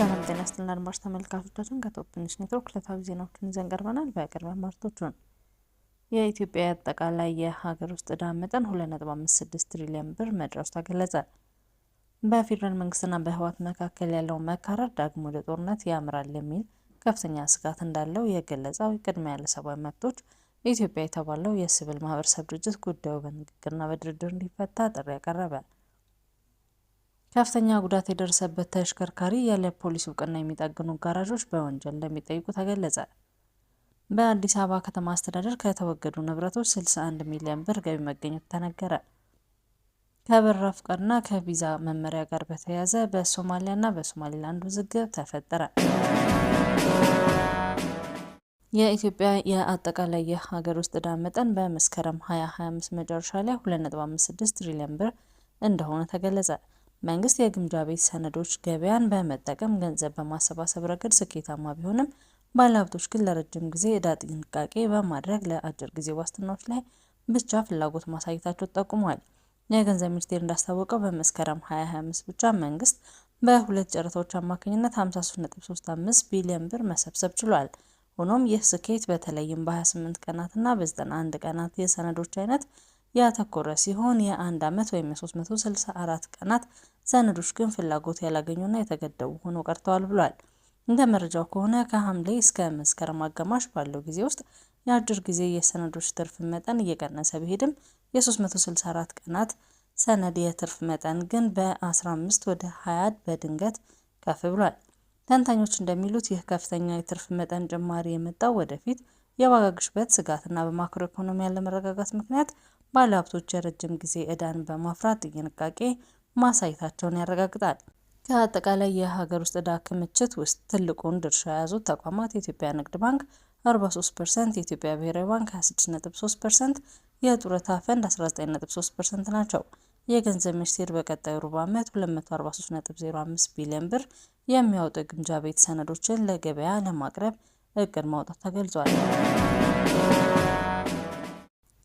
ሰላም ጤና ይስጥልን አድማጭ ተመልካቾቻችን ከቶፕ ትንሽ ኔትወርክ ዕለታዊ ዜናዎችን ይዘን ቀርበናል። በቅድሚያ ማርቶቹን የኢትዮጵያ አጠቃላይ የሀገር ውስጥ ዕዳ መጠን 2.56 ትሪሊዮን ብር መድረሱ ተገለጸ። በፌዴራል መንግስትና በህወሓት መካከል ያለው መካረር ዳግም ወደ ጦርነት ያምራል የሚል ከፍተኛ ስጋት እንዳለው የገለጸው ቅድሚያ ለሰብአዊ መብቶች ኢትዮጵያ የተባለው የሲቪል ማህበረሰብ ድርጅት ጉዳዩ በንግግርና በድርድር እንዲፈታ ጥሪ ያቀረበ ከፍተኛ ጉዳት የደረሰበት ተሽከርካሪ ያለ ፖሊስ እውቅና የሚጠግኑ ጋራዦች በወንጀል እንደሚጠይቁ ተገለጸ። በአዲስ አበባ ከተማ አስተዳደር ከተወገዱ ንብረቶች 61 ሚሊዮን ብር ገቢ መገኘቱ ተነገረ። ከብር ፍቃድና ከቪዛ መመሪያ ጋር በተያያዘ በሶማሊያና በሶማሊላንድ ውዝግብ ተፈጠረ። የኢትዮጵያ የአጠቃላይ የሀገር ውስጥ ዕዳ መጠን በመስከረም 2025 መጨረሻ ላይ 2.56 ትሪሊዮን ብር እንደሆነ ተገለጸ። መንግስት የግምጃ ቤት ሰነዶች ገበያን በመጠቀም ገንዘብ በማሰባሰብ ረገድ ስኬታማ ቢሆንም ባለሀብቶች ግን ለረጅም ጊዜ ዕዳ ጥንቃቄ በማድረግ ለአጭር ጊዜ ዋስትናዎች ላይ ብቻ ፍላጎት ማሳየታቸው ጠቁሟል። የገንዘብ ሚኒስቴር እንዳስታወቀው በመስከረም 2025 ብቻ መንግስት በሁለት ጨረታዎች አማካኝነት 53.35 ቢሊዮን ብር መሰብሰብ ችሏል። ሆኖም ይህ ስኬት በተለይም በ28 ቀናትና በ91 ቀናት የሰነዶች አይነት ያተኮረ ሲሆን የአንድ ዓመት ወይም የሶስት መቶ ስልሳ አራት ቀናት ሰነዶች ግን ፍላጎት ያላገኙና የተገደቡ ሆነው ቀርተዋል ብሏል። እንደ መረጃው ከሆነ ከሐምሌ እስከ መስከረም አጋማሽ ባለው ጊዜ ውስጥ የአጭር ጊዜ የሰነዶች ትርፍ መጠን እየቀነሰ ቢሄድም የ364 ቀናት ሰነድ የትርፍ መጠን ግን በ15 ወደ 20 በድንገት ከፍ ብሏል። ተንታኞች እንደሚሉት ይህ ከፍተኛ የትርፍ መጠን ጭማሪ የመጣው ወደፊት የዋጋ ግሽበት ስጋትና በማክሮ ኢኮኖሚ ያለመረጋጋት ምክንያት ባለሀብቶች የረጅም ጊዜ እዳን በማፍራት ጥንቃቄ ማሳየታቸውን ያረጋግጣል። ከአጠቃላይ የሀገር ውስጥ እዳ ክምችት ውስጥ ትልቁን ድርሻ የያዙት ተቋማት የኢትዮጵያ ንግድ ባንክ 43 ፐርሰንት፣ የኢትዮጵያ ብሔራዊ ባንክ 26.3 ፐርሰንት፣ የጡረታ ፈንድ 19.3 ፐርሰንት ናቸው። የገንዘብ ሚኒስቴር በቀጣዩ ሩብ ዓመት 243.05 ቢሊዮን ብር የሚያወጡ የግምጃ ቤት ሰነዶችን ለገበያ ለማቅረብ እቅድ ማውጣት ተገልጿል።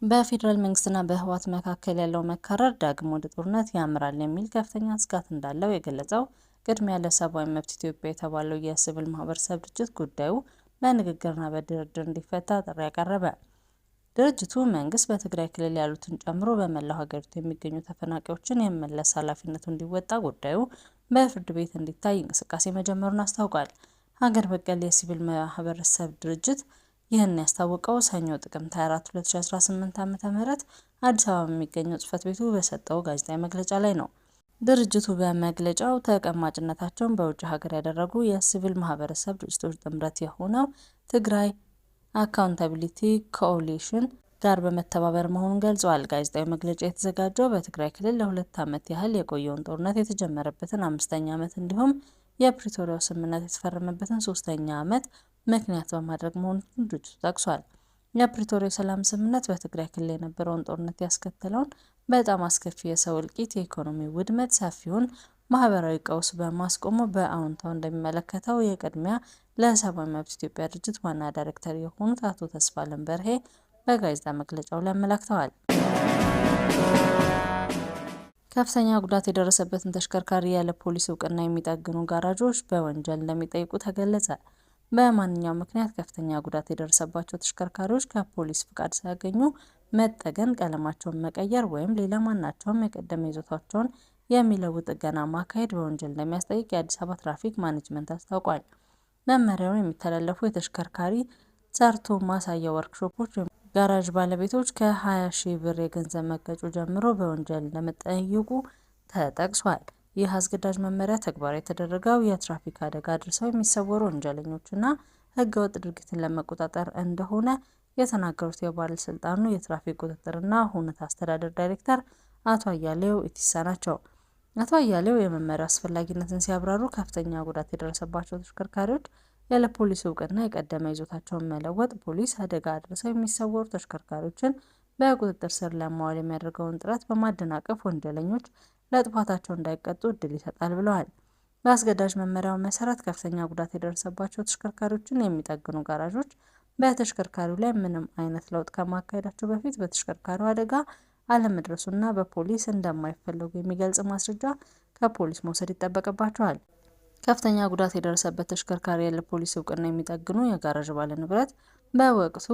በፌዴራል መንግስትና በህወሓት መካከል ያለው መካረር ዳግም ወደ ጦርነት ያምራል የሚል ከፍተኛ ስጋት እንዳለው የገለጸው ቅድሚያ ለሰብአዊ መብት ኢትዮጵያ የተባለው የሲቪል ማህበረሰብ ድርጅት ጉዳዩ በንግግርና በድርድር እንዲፈታ ጥሪ ያቀረበ ድርጅቱ መንግስት በትግራይ ክልል ያሉትን ጨምሮ በመላው ሀገሪቱ የሚገኙ ተፈናቃዮችን የመመለስ ኃላፊነቱ እንዲወጣ ጉዳዩ በፍርድ ቤት እንዲታይ እንቅስቃሴ መጀመሩን አስታውቋል። ሀገር በቀል የሲቪል ማህበረሰብ ድርጅት ይህን ያስታወቀው ሰኞ ጥቅምት 24 2018 ዓ ም አዲስ አበባ በሚገኘው ጽህፈት ቤቱ በሰጠው ጋዜጣዊ መግለጫ ላይ ነው። ድርጅቱ በመግለጫው ተቀማጭነታቸውን በውጭ ሀገር ያደረጉ የሲቪል ማህበረሰብ ድርጅቶች ጥምረት የሆነው ትግራይ አካውንታቢሊቲ ኮአሊሽን ጋር በመተባበር መሆኑን ገልጸዋል። ጋዜጣዊ መግለጫ የተዘጋጀው በትግራይ ክልል ለሁለት ዓመት ያህል የቆየውን ጦርነት የተጀመረበትን አምስተኛ ዓመት እንዲሁም የፕሪቶሪያው ስምምነት የተፈረመበትን ሶስተኛ ዓመት ምክንያት በማድረግ መሆኑን ድርጅቱ ጠቅሷል። የፕሪቶሪያ የሰላም ስምምነት በትግራይ ክልል የነበረውን ጦርነት ያስከተለውን በጣም አስከፊ የሰው እልቂት፣ የኢኮኖሚ ውድመት፣ ሰፊውን ማህበራዊ ቀውስ በማስቆሙ በአዎንታው እንደሚመለከተው የቅድሚያ ለሰብአዊ መብት ኢትዮጵያ ድርጅት ዋና ዳይሬክተር የሆኑት አቶ ተስፋለም በርሄ በጋዜጣ መግለጫው ላይ አመላክተዋል። ከፍተኛ ጉዳት የደረሰበትን ተሽከርካሪ ያለ ፖሊስ እውቅና የሚጠግኑ ጋራጆች በወንጀል እንደሚጠይቁ ተገለጸ። በማንኛውም ምክንያት ከፍተኛ ጉዳት የደረሰባቸው ተሽከርካሪዎች ከፖሊስ ፍቃድ ሳያገኙ መጠገን፣ ቀለማቸውን መቀየር ወይም ሌላ ማናቸውም የቀደመ ይዞታቸውን የሚለውጥ ጥገና ማካሄድ በወንጀል እንደሚያስጠይቅ የአዲስ አበባ ትራፊክ ማኔጅመንት አስታውቋል። መመሪያውን የሚተላለፉ የተሽከርካሪ ሰርቶ ማሳያ ወርክሾፖች ጋራዥ ባለቤቶች ከ20 ሺህ ብር የገንዘብ መቀጮ ጀምሮ በወንጀል እንደሚጠየቁ ተጠቅሷል። ይህ አስገዳጅ መመሪያ ተግባራዊ የተደረገው የትራፊክ አደጋ አድርሰው የሚሰወሩ ወንጀለኞችና ህገወጥ ድርጊትን ለመቆጣጠር እንደሆነ የተናገሩት የባለስልጣኑ የትራፊክ ቁጥጥርና ሁነት አስተዳደር ዳይሬክተር አቶ አያሌው ኢቲሳ ናቸው። አቶ አያሌው የመመሪያው አስፈላጊነትን ሲያብራሩ ከፍተኛ ጉዳት የደረሰባቸው ተሽከርካሪዎች ያለ ፖሊስ እውቅና የቀደመ ይዞታቸውን መለወጥ፣ ፖሊስ አደጋ አድርሰው የሚሰወሩ ተሽከርካሪዎችን በቁጥጥር ስር ለማዋል የሚያደርገውን ጥረት በማደናቀፍ ወንጀለኞች ለጥፋታቸው እንዳይቀጡ እድል ይሰጣል ብለዋል። በአስገዳጅ መመሪያው መሰረት ከፍተኛ ጉዳት የደረሰባቸው ተሽከርካሪዎችን የሚጠግኑ ጋራዦች በተሽከርካሪው ላይ ምንም አይነት ለውጥ ከማካሄዳቸው በፊት በተሽከርካሪው አደጋ አለመድረሱና በፖሊስ እንደማይፈለጉ የሚገልጽ ማስረጃ ከፖሊስ መውሰድ ይጠበቅባቸዋል። ከፍተኛ ጉዳት የደረሰበት ተሽከርካሪ ያለ ፖሊስ እውቅና የሚጠግኑ የጋራዥ ባለንብረት በወቅቱ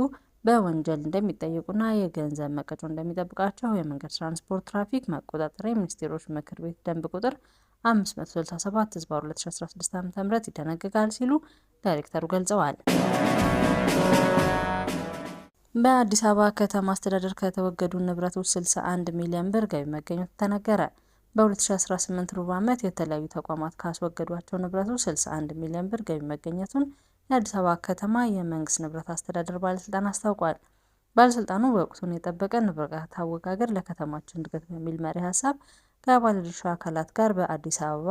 በወንጀል እንደሚጠየቁና የገንዘብ መቀጮ እንደሚጠብቃቸው የመንገድ ትራንስፖርት ትራፊክ መቆጣጠሪያ የሚኒስቴሮች ምክር ቤት ደንብ ቁጥር 567 ህዝባ 2016 ዓ ም ይደነግጋል ሲሉ ዳይሬክተሩ ገልጸዋል። በአዲስ አበባ ከተማ አስተዳደር ከተወገዱ ንብረቶች 61 ሚሊዮን ብር ገቢ መገኘት ተነገረ። በ2018 ሩብ ዓመት የተለያዩ ተቋማት ካስወገዷቸው ንብረቶች 61 ሚሊዮን ብር ገቢ መገኘቱን የአዲስ አበባ ከተማ የመንግስት ንብረት አስተዳደር ባለስልጣን አስታውቋል። ባለስልጣኑ ወቅቱን የጠበቀ ንብረት አወጋገር ለከተማችን እድገት በሚል መሪ ሀሳብ ከባለድርሻ አካላት ጋር በአዲስ አበባ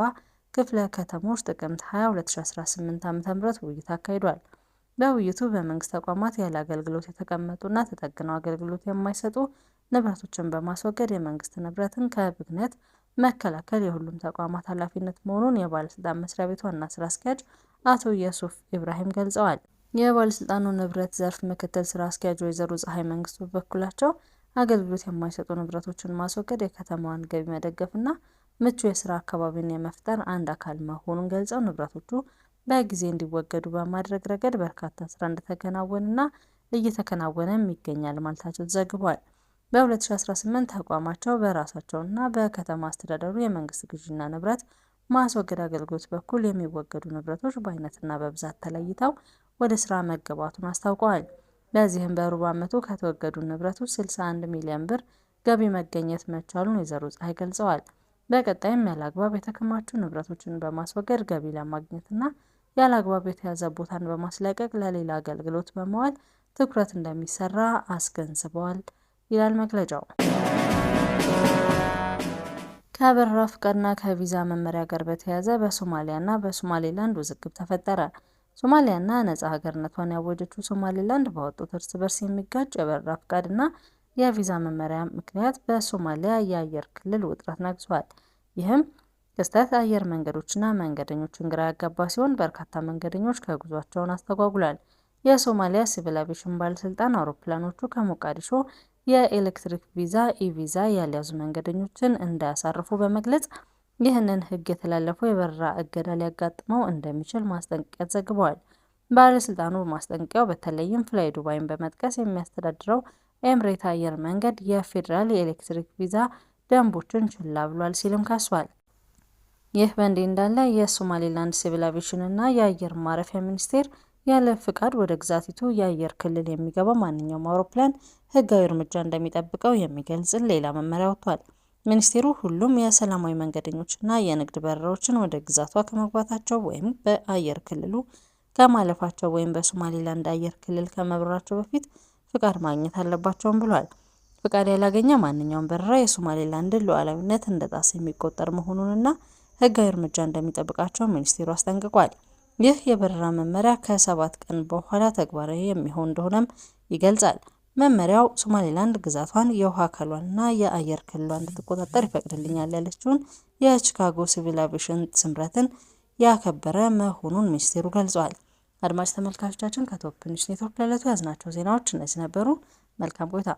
ክፍለ ከተሞች ጥቅምት 20 2018 ዓ.ም ውይይት አካሂዷል። በውይይቱ በመንግስት ተቋማት ያለ አገልግሎት የተቀመጡና ተጠግነው አገልግሎት የማይሰጡ ንብረቶችን በማስወገድ የመንግስት ንብረትን ከብክነት መከላከል የሁሉም ተቋማት ኃላፊነት መሆኑን የባለስልጣን መስሪያ ቤቱ ዋና ስራ አስኪያጅ አቶ ኢየሱፍ ኢብራሂም ገልጸዋል። የባለስልጣኑ ንብረት ዘርፍ ምክትል ስራ አስኪያጅ ወይዘሮ ፀሐይ መንግስቱ በበኩላቸው አገልግሎት የማይሰጡ ንብረቶችን ማስወገድ የከተማዋን ገቢ መደገፍና ምቹ የስራ አካባቢን የመፍጠር አንድ አካል መሆኑን ገልጸው ንብረቶቹ በጊዜ እንዲወገዱ በማድረግ ረገድ በርካታ ስራ እንደተከናወነና እየተከናወነም ይገኛል ማለታቸው ተዘግቧል። በ2018 ተቋማቸው በራሳቸውና በከተማ አስተዳደሩ የመንግስት ግዥና ንብረት ማስወገድ አገልግሎት በኩል የሚወገዱ ንብረቶች በአይነትና በብዛት ተለይተው ወደ ስራ መገባቱን አስታውቀዋል። ለዚህም በሩብ ዓመቱ ከተወገዱ ንብረቶች 61 ሚሊዮን ብር ገቢ መገኘት መቻሉን ወይዘሮ ፀሐይ ገልጸዋል። በቀጣይም ያለአግባብ የተከማቹ ንብረቶችን በማስወገድ ገቢ ለማግኘትና ያለአግባብ የተያዘ ቦታን በማስለቀቅ ለሌላ አገልግሎት በመዋል ትኩረት እንደሚሰራ አስገንዝበዋል። ይላል መግለጫው። ከበረራ ፍቃድና ከቪዛ መመሪያ ጋር በተያያዘ በሶማሊያና በሶማሌላንድ ውዝግብ ተፈጠረ። ሶማሊያና ነጻ ሀገርነቷን ያወጀችው ሶማሌላንድ ባወጡት እርስ በርስ የሚጋጭ የበረራ ፍቃድና የቪዛ መመሪያ ምክንያት በሶማሊያ የአየር ክልል ውጥረት ነግሷል። ይህም ክስተት አየር መንገዶችና መንገደኞችን ግራ ያጋባ ሲሆን በርካታ መንገደኞች ከጉዟቸውን አስተጓጉሏል። የሶማሊያ ሲቪል አቪሽን ባለስልጣን አውሮፕላኖቹ ከሞቃዲሾ የኤሌክትሪክ ቪዛ ኢቪዛ ያልያዙ መንገደኞችን እንዳያሳርፉ በመግለጽ ይህንን ህግ የተላለፈው የበረራ እገዳ ሊያጋጥመው እንደሚችል ማስጠንቀቂያ ዘግበዋል። ባለስልጣኑ በማስጠንቀቂያው በተለይም ፍላይ ዱባይን በመጥቀስ የሚያስተዳድረው ኤምሬት አየር መንገድ የፌዴራል የኤሌክትሪክ ቪዛ ደንቦችን ችላ ብሏል ሲልም ከሷል። ይህ በእንዲህ እንዳለ የሶማሌላንድ ሲቪል አቪዬሽንና የአየር ማረፊያ ሚኒስቴር ያለ ፍቃድ ወደ ግዛቲቱ የአየር ክልል የሚገባ ማንኛውም አውሮፕላን ህጋዊ እርምጃ እንደሚጠብቀው የሚገልጽ ሌላ መመሪያ ወጥቷል። ሚኒስቴሩ ሁሉም የሰላማዊ መንገደኞችና የንግድ በረራዎችን ወደ ግዛቷ ከመግባታቸው ወይም በአየር ክልሉ ከማለፋቸው ወይም በሶማሌላንድ አየር ክልል ከመብረራቸው በፊት ፍቃድ ማግኘት አለባቸውም ብሏል። ፍቃድ ያላገኘ ማንኛውም በረራ የሶማሌላንድን ሉዓላዊነት እንደ ጣሰ የሚቆጠር መሆኑንና ህጋዊ እርምጃ እንደሚጠብቃቸው ሚኒስቴሩ አስጠንቅቋል። ይህ የበረራ መመሪያ ከሰባት ቀን በኋላ ተግባራዊ የሚሆን እንደሆነም ይገልጻል። መመሪያው ሶማሌላንድ ግዛቷን የውሃ አካሏንና የአየር ክልሏን እንድትቆጣጠር ይፈቅድልኛል ያለችውን የቺካጎ ሲቪል አቪሽን ስምረትን ያከበረ መሆኑን ሚኒስቴሩ ገልጿል። አድማጭ ተመልካቾቻችን ከቶፕ ኒውስ ኔትወርክ ለዕለቱ ያዝናቸው ዜናዎች እነዚህ ነበሩ። መልካም ቆይታ